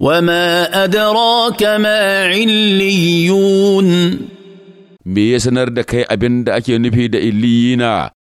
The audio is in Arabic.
وما أدراك ما عليون بيسنر دكي أبن دكي نبي دا